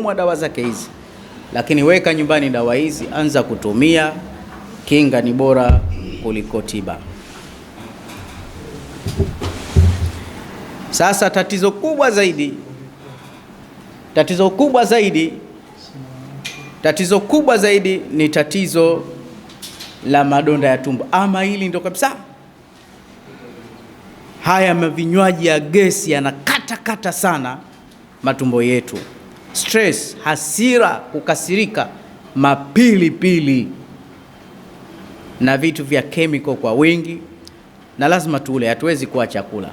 mwa dawa zake hizi, lakini weka nyumbani dawa hizi, anza kutumia. Kinga ni bora kuliko tiba. Sasa tatizo kubwa zaidi, tatizo kubwa zaidi, tatizo kubwa zaidi ni tatizo la madonda ya tumbo, ama hili ndo kabisa. Haya mavinywaji ya gesi yanakatakata sana matumbo yetu stress, hasira, kukasirika, mapilipili na vitu vya chemical kwa wingi, na lazima tule, hatuwezi kuwa chakula.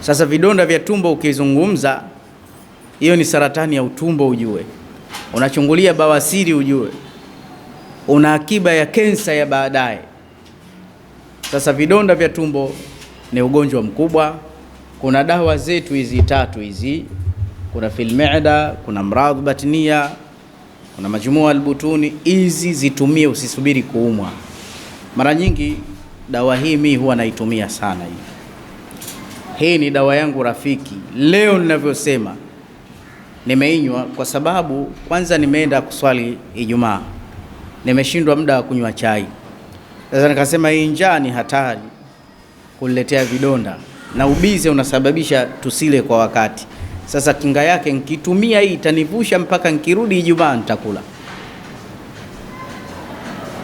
Sasa vidonda vya tumbo ukizungumza, hiyo ni saratani ya utumbo, ujue unachungulia bawasiri, ujue una akiba ya kensa ya baadaye. Sasa vidonda vya tumbo ni ugonjwa mkubwa. Kuna dawa zetu hizi tatu hizi kuna filmeda kuna mradhu batnia, kuna majumua albutuni. Hizi zitumie, usisubiri kuumwa. Mara nyingi dawa hii mi huwa naitumia sana hii hii ni dawa yangu rafiki. Leo ninavyosema nimeinywa kwa sababu kwanza nimeenda kuswali Ijumaa, nimeshindwa muda wa kunywa chai. Sasa nikasema hii njaa ni hatari kuletea vidonda, na ubize unasababisha tusile kwa wakati. Sasa kinga yake nikitumia hii itanivusha mpaka nikirudi Ijumaa nitakula.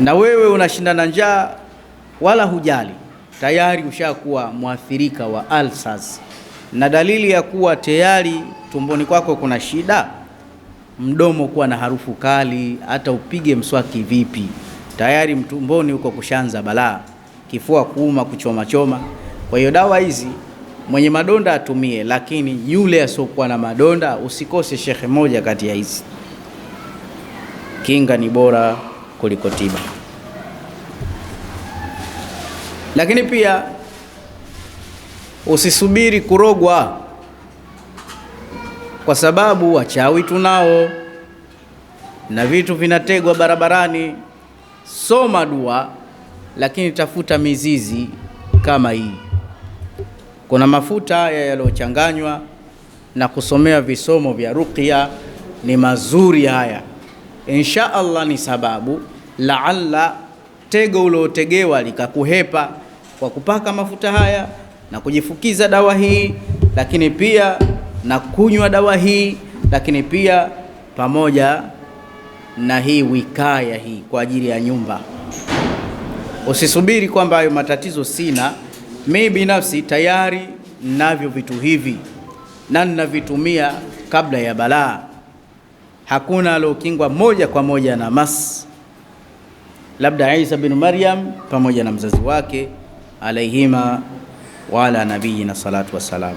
Na wewe unashindana njaa wala hujali, tayari ushakuwa mwathirika wa ulcers. Na dalili ya kuwa tayari tumboni kwako kuna shida, mdomo kuwa na harufu kali, hata upige mswaki vipi, tayari mtumboni huko kushanza balaa, kifua kuuma, kuchoma choma. Kwa hiyo dawa hizi mwenye madonda atumie, lakini yule asiokuwa na madonda usikose shekhe moja kati ya hizi. Kinga ni bora kuliko tiba. Lakini pia usisubiri kurogwa, kwa sababu wachawi tunao na vitu vinategwa barabarani. Soma dua, lakini tafuta mizizi kama hii. Kuna mafuta haya yaliyochanganywa na kusomea visomo vya ruqya, ni mazuri haya, insha Allah ni sababu laalla tego uliotegewa likakuhepa kwa kupaka mafuta haya na kujifukiza dawa hii, lakini pia na kunywa dawa hii, lakini pia pamoja na hii wikaya hii kwa ajili ya nyumba. Usisubiri kwamba hayo matatizo sina mi binafsi tayari navyo vitu hivi na ninavitumia kabla ya balaa. Hakuna aliokingwa moja kwa moja na mas, labda Isa bin Maryam pamoja na mzazi wake alaihima waala na salatu wassalam.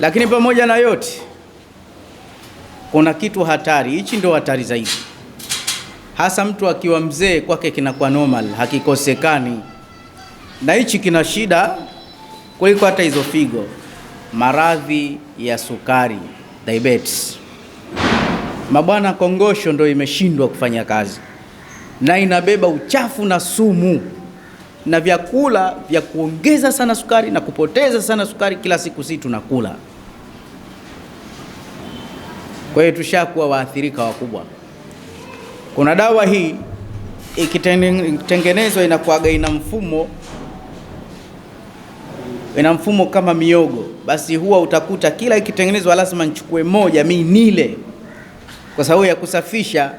Lakini pamoja na yote, kuna kitu hatari. Hichi ndio hatari zaidi hasa mtu akiwa mzee kwake kinakuwa normal, hakikosekani. Na hichi kina shida kuliko hata hizo figo, maradhi ya sukari diabetes. Mabwana, kongosho ndio imeshindwa kufanya kazi na inabeba uchafu na sumu na vyakula vya kuongeza sana sukari na kupoteza sana sukari. Kila siku si tunakula, kwa hiyo tushakuwa waathirika wakubwa. Kuna dawa hii ikitengenezwa inakuaga ina mfumo ina mfumo kama miogo, basi huwa utakuta kila ikitengenezwa lazima nichukue moja mi nile, kwa sababu ya kusafisha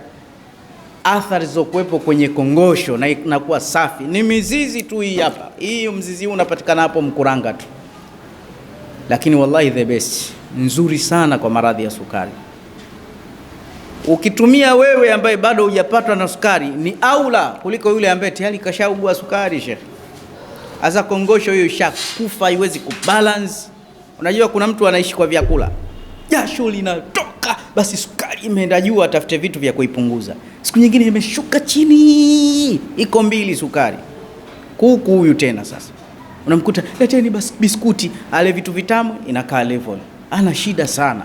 athari zokuwepo kwenye kongosho na inakuwa safi. Ni mizizi tu hii hapa, hii mzizi huu unapatikana hapo Mkuranga tu, lakini wallahi the best, nzuri sana kwa maradhi ya sukari. Ukitumia wewe ambaye bado hujapatwa na sukari ni aula kuliko yule ambaye tayari kashaugua sukari. Shekhe, hasa kongosho hiyo ishakufa, haiwezi kubalance. Unajua kuna mtu anaishi kwa vyakula, jasho linatoka, basi sukari imeenda juu, atafute vitu vya kuipunguza. Siku nyingine imeshuka chini, iko mbili sukari. Kuku huyu tena sasa unamkuta leteni basi biskuti, ale vitu vitamu, inakaa level. Ana shida sana,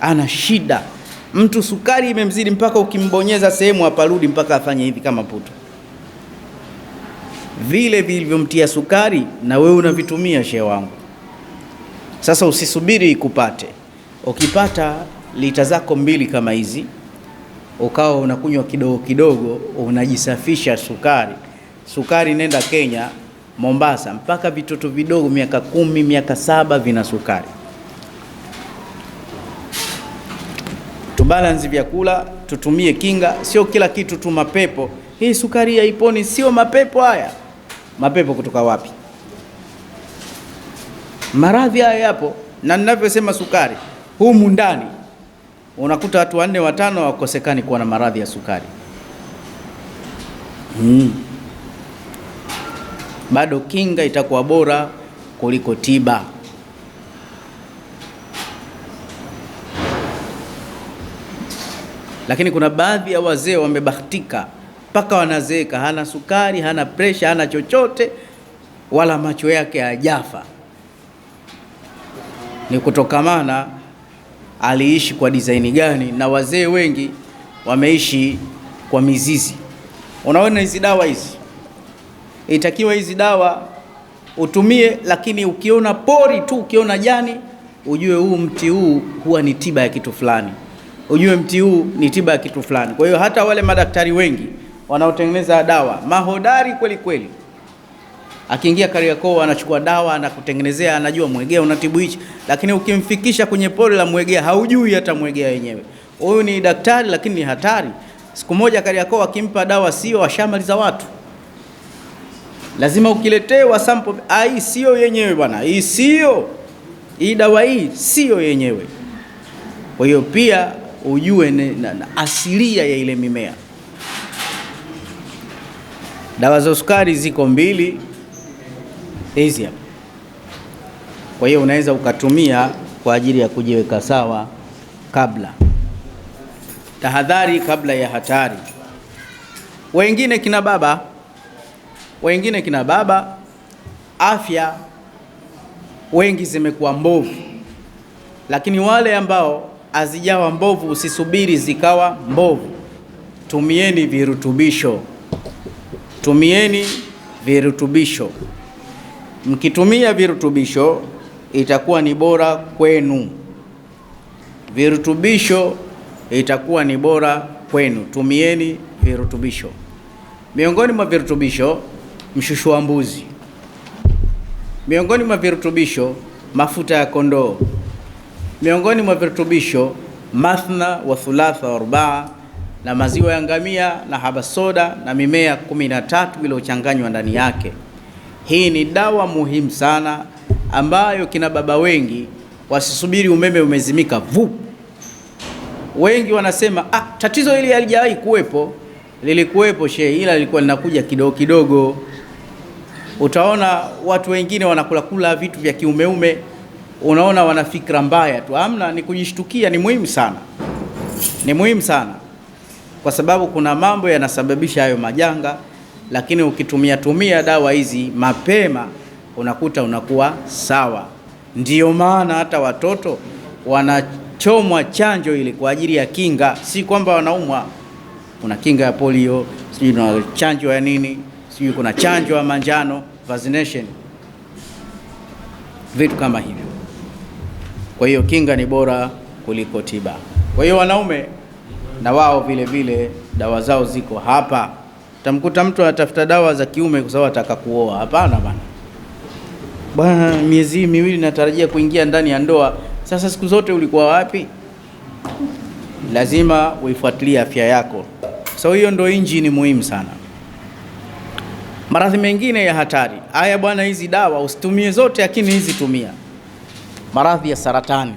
ana shida Mtu sukari imemzidi mpaka ukimbonyeza sehemu aparudi mpaka afanye hivi kama puto. Vile vilivyomtia sukari na wewe unavitumia, shehe wangu. Sasa usisubiri ikupate. Ukipata lita zako mbili kama hizi, ukawa unakunywa kidogo kidogo, unajisafisha sukari. Sukari nenda Kenya, Mombasa, mpaka vitoto vidogo miaka kumi, miaka saba vina sukari. tubalansi vyakula, tutumie kinga, sio kila kitu tu mapepo. Hii sukari ya iponi sio mapepo haya. Mapepo kutoka wapi? Maradhi haya yapo, na ninavyosema sukari, humu ndani unakuta watu wanne watano wakosekani kuwa na maradhi ya sukari. Hmm. Bado kinga itakuwa bora kuliko tiba. Lakini kuna baadhi ya wazee wamebahatika mpaka wanazeeka, hana sukari, hana presha, hana chochote, wala macho yake hajafa. Ni kutokamana aliishi kwa dizaini gani? Na wazee wengi wameishi kwa mizizi. Unaona hizi dawa hizi, itakiwa hizi dawa utumie, lakini ukiona pori tu, ukiona jani, ujue huu mti huu huwa ni tiba ya kitu fulani ujue mti huu ni tiba ya kitu fulani. Kwa hiyo hata wale madaktari wengi wanaotengeneza dawa mahodari kweli kweli, akiingia Kariakoo anachukua dawa anakutengenezea, anajua mwegea unatibu hichi, lakini ukimfikisha kwenye pole la mwegea haujui hata mwegea wenyewe. Huyu ni daktari lakini ni hatari. Siku moja Kariakoo akimpa dawa sio washamaliza watu lazima ukiletewa sample ai, sio yenyewe bwana, hii sio hii dawa, hii sio yenyewe. Kwa hiyo pia ujue na, na, na asilia ya ile mimea. Dawa za sukari ziko mbili hizi hapa. Kwa hiyo unaweza ukatumia kwa ajili ya kujiweka sawa kabla tahadhari, kabla ya hatari. Wengine kina baba, wengine kina baba, afya wengi zimekuwa mbovu, lakini wale ambao hazijawa mbovu, usisubiri zikawa mbovu. Tumieni virutubisho, tumieni virutubisho. Mkitumia virutubisho itakuwa ni bora kwenu, virutubisho itakuwa ni bora kwenu. Tumieni virutubisho. Miongoni mwa virutubisho, mshushu wa mbuzi. Miongoni mwa virutubisho, mafuta ya kondoo. Miongoni mwa virutubisho mathna wa thulatha wa rubaa na maziwa ya ngamia na habasoda na mimea kumi na tatu iliyochanganywa ndani yake. Hii ni dawa muhimu sana ambayo kina baba wengi wasisubiri umeme umezimika vu. Wengi wanasema ah, tatizo hili halijawahi kuwepo. Lilikuwepo shehe, ila lilikuwa linakuja kidogo kidogo. Utaona watu wengine wanakulakula vitu vya kiumeume unaona wana fikra mbaya tu, amna. Ni kujishtukia, ni muhimu sana, ni muhimu sana, kwa sababu kuna mambo yanasababisha hayo majanga, lakini ukitumia tumia dawa hizi mapema unakuta unakuwa sawa. Ndiyo maana hata watoto wanachomwa chanjo ili kwa ajili ya kinga, si kwamba wanaumwa. Kuna kinga ya polio, sijui kuna chanjo ya nini, sijui kuna chanjo ya manjano vaccination, vitu kama hivyo. Kwa hiyo kinga ni bora kuliko tiba. Kwa hiyo wanaume na wao vile vile dawa zao ziko hapa. Tamkuta mtu anatafuta dawa za kiume kwa sababu ataka kuoa. Hapana bana, bana, miezi miwili natarajia kuingia ndani ya ndoa. Sasa siku zote ulikuwa wapi? Lazima uifuatilie afya yako. So hiyo ndo injini muhimu sana. Maradhi mengine ya hatari haya, bwana, hizi dawa usitumie zote, lakini hizi tumia maradhi ya saratani.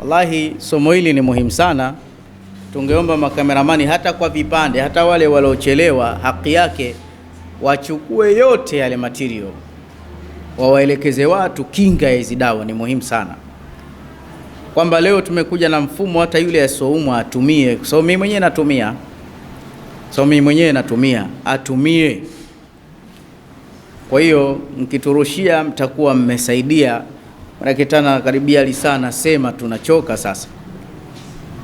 Wallahi, somo hili ni muhimu sana. Tungeomba makameramani hata kwa vipande, hata wale waliochelewa, haki yake wachukue yote yale material, wawaelekeze watu kinga ya hizi dawa. Ni muhimu sana kwamba leo tumekuja na mfumo, hata yule asoumwa atumie. So mimi mwenyewe natumia, so mimi mwenyewe natumia, atumie. Kwa hiyo mkiturushia, mtakuwa mmesaidia Maanake tena karibia lisaa nasema tunachoka sasa.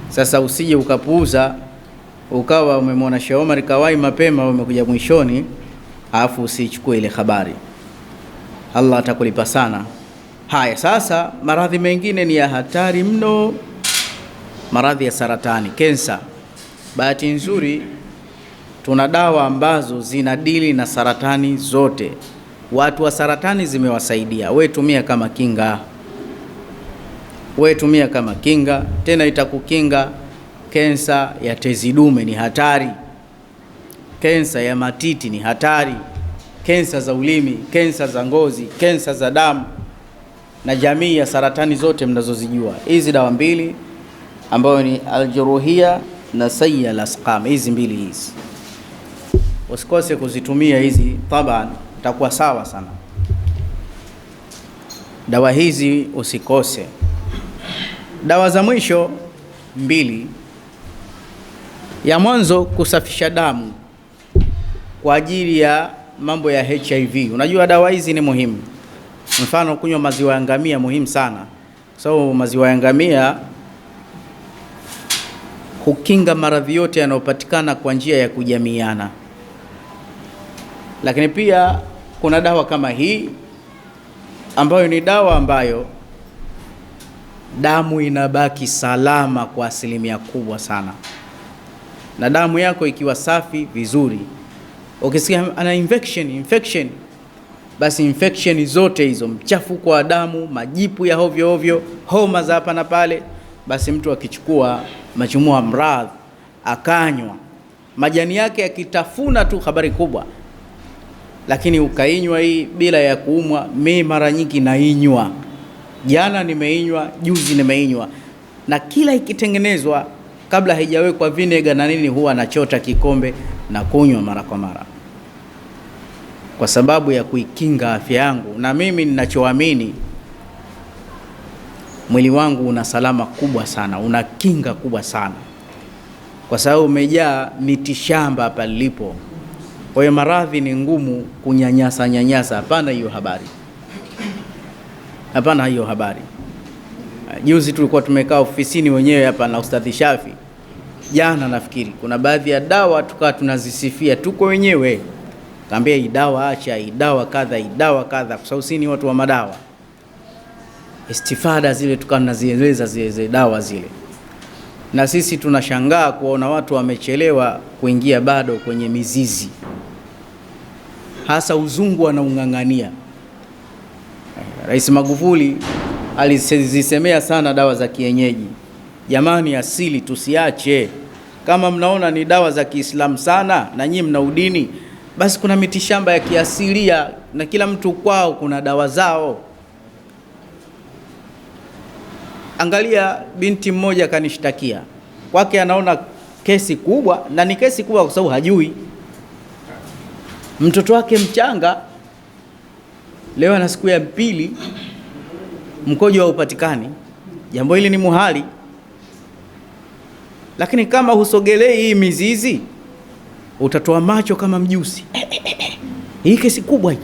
Sasa usije ukapuuza ukawa umemwona Sheikh Omar kawai mapema, umekuja mwishoni, alafu usichukue ile habari. Allah atakulipa sana. Haya, sasa maradhi mengine ni ya hatari mno, maradhi ya saratani, kensa. Bahati nzuri tuna dawa ambazo zinadili na saratani zote watu wa saratani zimewasaidia. We tumia kama kinga, we tumia kama kinga, tena itakukinga kensa ya tezi dume ni hatari, kensa ya matiti ni hatari, kensa za ulimi, kensa za ngozi, kensa za damu na jamii ya saratani zote mnazozijua. Hizi dawa mbili ambayo ni aljuruhia na sayyal asqam, hizi mbili hizi usikose kuzitumia hizi taban itakuwa sawa sana. Dawa hizi usikose. Dawa za mwisho mbili. Ya mwanzo kusafisha damu kwa ajili ya mambo ya HIV. Unajua dawa hizi ni muhimu, mfano kunywa maziwa ya ngamia muhimu sana, kwa sababu so, maziwa ya ngamia hukinga maradhi yote yanayopatikana kwa njia ya kujamiana. Lakini pia kuna dawa kama hii ambayo ni dawa ambayo damu inabaki salama kwa asilimia kubwa sana, na damu yako ikiwa safi vizuri, ukisikia ana infection, infection basi infection zote hizo, mchafuko wa damu, majipu ya hovyo hovyo, homa za hapa na pale, basi mtu akichukua machumua mradh akanywa majani yake, akitafuna tu, habari kubwa lakini ukainywa hii bila ya kuumwa. Mi mara nyingi nainywa, jana nimeinywa, juzi nimeinywa, na kila ikitengenezwa kabla haijawekwa vinega na nini, huwa nachota kikombe na kunywa mara kwa mara kwa sababu ya kuikinga afya yangu. Na mimi ninachoamini, mwili wangu una salama kubwa sana, una kinga kubwa sana, kwa sababu umejaa mitishamba hapa lilipo kwa hiyo maradhi ni ngumu kunyanyasa nyanyasa, hapana hiyo habari, hapana hiyo habari. Juzi tulikuwa tumekaa ofisini wenyewe hapa na Ustadhi Shafi, jana nafikiri, kuna baadhi ya dawa tukawa tunazisifia tuko wenyewe, kaambia hii dawa acha, hii dawa kadha, hii dawa kadha, kwa sababu sisi ni watu wa madawa. Istifada zile tukawa tunazieleza zile zile dawa zile na sisi tunashangaa kuona watu wamechelewa kuingia bado kwenye mizizi hasa uzungu anaung'ang'ania. Rais Magufuli alizisemea sana dawa za kienyeji. Jamani, asili tusiache. Kama mnaona ni dawa za Kiislamu sana na nyinyi mna udini, basi kuna mitishamba ya kiasilia na kila mtu kwao kuna dawa zao. Angalia, binti mmoja kanishtakia kwake, anaona kesi kubwa na ni kesi kubwa kwa sababu hajui mtoto wake mchanga leo ana siku ya pili, mkojo haupatikani. Jambo hili ni muhali, lakini kama husogelei hii mizizi utatoa macho kama mjusi. Hii kesi kubwa hii,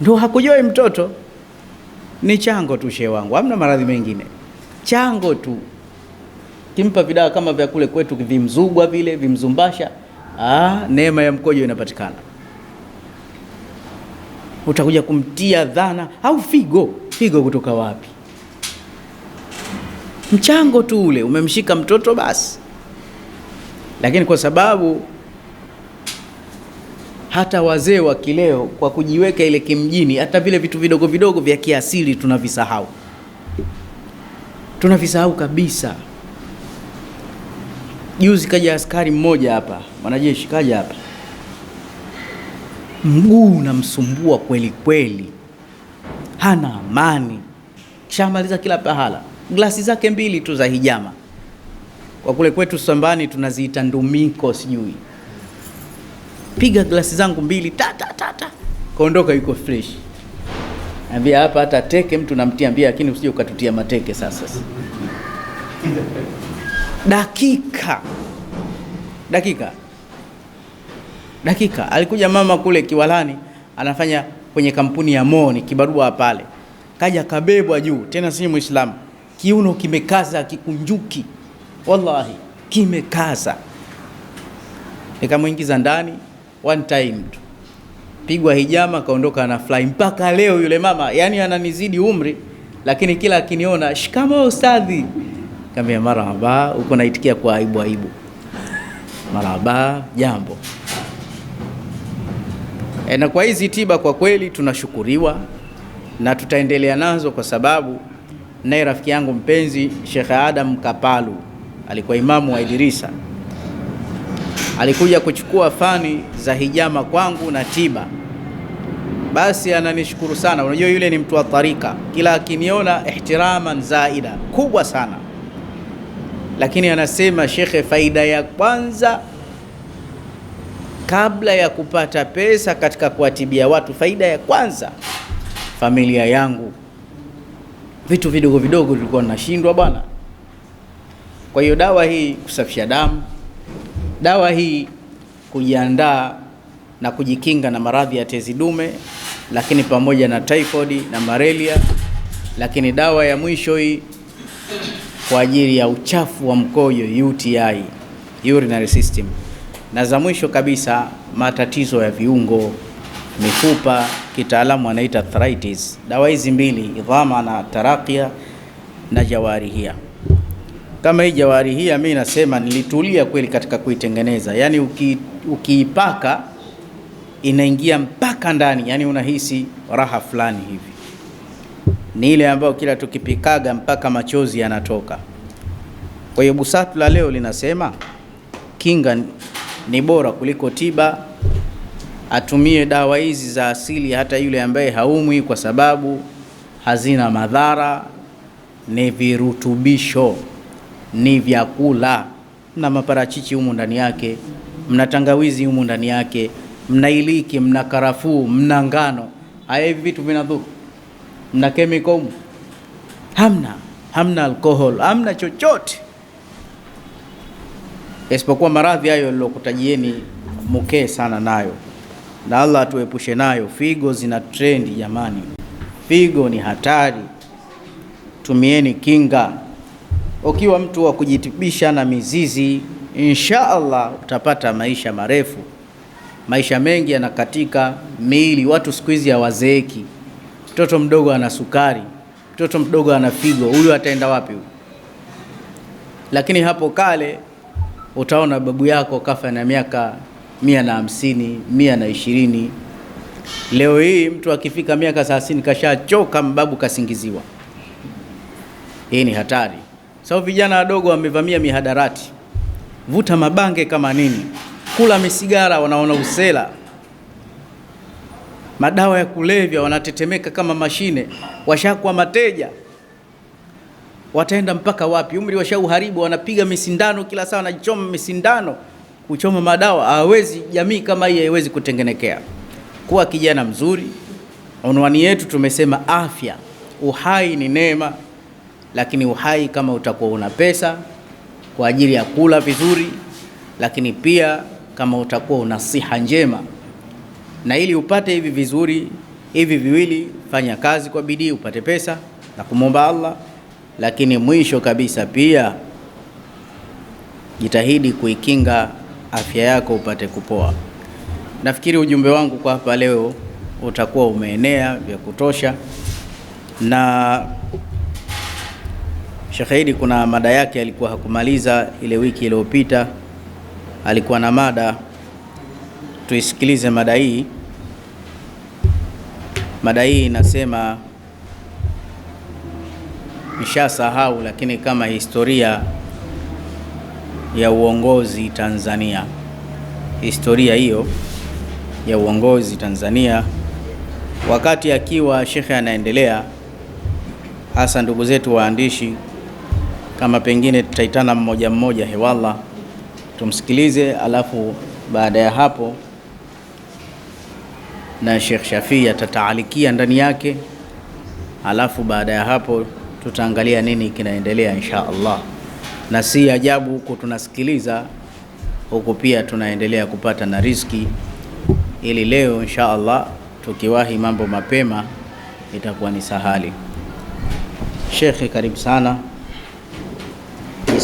ndo hakujoi mtoto. Ni chango tu, shehe wangu, hamna maradhi mengine, chango tu. Kimpa vidawa kama vya kule kwetu vimzugwa vile vimzumbasha, ah, neema ya mkojo inapatikana utakuja kumtia dhana au figo. Figo kutoka wapi? Mchango tu ule umemshika mtoto basi, lakini kwa sababu hata wazee wa kileo kwa kujiweka ile kimjini, hata vile vitu vidogo vidogo vya kiasili tunavisahau, tunavisahau kabisa. Juzi kaja askari mmoja hapa, mwanajeshi kaja hapa mguu unamsumbua kweli kweli, hana amani, kishamaliza kila pahala. Glasi zake mbili tu za hijama, kwa kule kwetu sambani tunaziita ndumiko, sijui piga glasi zangu mbili ta, ta, ta, ta. Kaondoka yuko fresh. Ambia hapa hata teke mtu namtia mbia, lakini usije ukatutia mateke sasa. dakika dakika dakika alikuja mama kule Kiwalani, anafanya kwenye kampuni ya Moni kibarua pale, kaja kabebwa juu, tena si Muislamu, kiuno kimekaza kikunjuki, wallahi kimekaza. Nikamwingiza ndani one time tu, pigwa hijama, kaondoka na fly. Mpaka leo yule mama yani ananizidi umri, lakini kila akiniona, shikamoo ustadhi, kambia marhaba, uko naitikia kwa aibu aibu, marhaba, jambo E, na kwa hizi tiba kwa kweli tunashukuriwa na tutaendelea nazo kwa sababu naye rafiki yangu mpenzi Sheikh Adam Kapalu alikuwa imamu wa Idrisa, alikuja kuchukua fani za hijama kwangu na tiba, basi ananishukuru sana. Unajua yule ni mtu wa tarika, kila akiniona ihtiraman zaida kubwa sana, lakini anasema shekhe, faida ya kwanza kabla ya kupata pesa katika kuwatibia watu, faida ya kwanza familia yangu. Vitu vidogo vidogo tulikuwa tunashindwa bwana. Kwa hiyo dawa hii kusafisha damu, dawa hii kujiandaa na kujikinga na maradhi ya tezi dume, lakini pamoja na typhoid na malaria, lakini dawa ya mwisho hii kwa ajili ya uchafu wa mkojo UTI, urinary system na za mwisho kabisa matatizo ya viungo, mifupa, kitaalamu anaita arthritis. Dawa hizi mbili, idhama na tarakia na jawarihia. Kama hii jawarihia, mimi nasema nilitulia kweli katika kuitengeneza, yani uki, inaingia mpaka ndani, yani unahisi raha fulani hivi. Ni ile ambayo kila tukipikaga mpaka machozi yanatoka. Kwa hiyo busatu la leo linasema kinga ni bora kuliko tiba, atumie dawa hizi za asili hata yule ambaye haumwi, kwa sababu hazina madhara, ni virutubisho, ni vyakula. Mna maparachichi humu ndani yake, mna tangawizi humu ndani yake, mna iliki, mna karafuu, mna ngano. Haya, hivi vitu vinadhuru? Mna kemiko humu? Hamna, hamna alkohol, hamna chochote. Isipokuwa maradhi hayo yaliyokutajieni mukee sana nayo, na Allah atuepushe nayo. Figo zina trendi jamani, figo ni hatari, tumieni kinga. Ukiwa mtu wa kujitibisha na mizizi, insha Allah utapata maisha marefu. Maisha mengi yanakatika miili, watu siku hizi hawazeeki. Mtoto mdogo ana sukari, mtoto mdogo ana figo, huyu ataenda wapi huyu? Lakini hapo kale utaona babu yako kafa na miaka mia na hamsini, mia na ishirini. Leo hii mtu akifika miaka thelathini kashachoka, mbabu kasingiziwa. Hii ni hatari. sababu vijana wadogo wamevamia mihadarati, vuta mabange kama nini, kula misigara, wanaona usela, madawa ya kulevya, wanatetemeka kama mashine, washakuwa mateja wataenda mpaka wapi? Umri washauharibu, wanapiga misindano kila saa, wanachoma misindano, kuchoma madawa. Hawezi jamii kama hii haiwezi kutengenekea kuwa kijana mzuri. Unwani yetu tumesema afya, uhai ni neema, lakini uhai kama utakuwa una pesa kwa ajili ya kula vizuri, lakini pia kama utakuwa una siha njema. Na ili upate hivi vizuri hivi viwili, fanya kazi kwa bidii upate pesa na kumwomba Allah lakini mwisho kabisa pia jitahidi kuikinga afya yako upate kupoa. Nafikiri ujumbe wangu kwa hapa leo utakuwa umeenea vya kutosha, na Shekheidi kuna mada yake alikuwa hakumaliza ile wiki iliyopita, alikuwa na mada, tuisikilize mada hii. Mada hii inasema nishasahau, lakini kama historia ya uongozi Tanzania, historia hiyo ya uongozi Tanzania, wakati akiwa shekhe anaendelea, hasa ndugu zetu waandishi, kama pengine tutaitana mmoja mmoja, hewalla tumsikilize, alafu baada ya hapo na Sheikh Shafii atataalikia ndani yake, alafu baada ya hapo tutaangalia nini kinaendelea insha Allah, na si ajabu huku tunasikiliza huku pia tunaendelea kupata na riziki, ili leo insha Allah tukiwahi mambo mapema itakuwa ni sahali. Shekhe, karibu sana.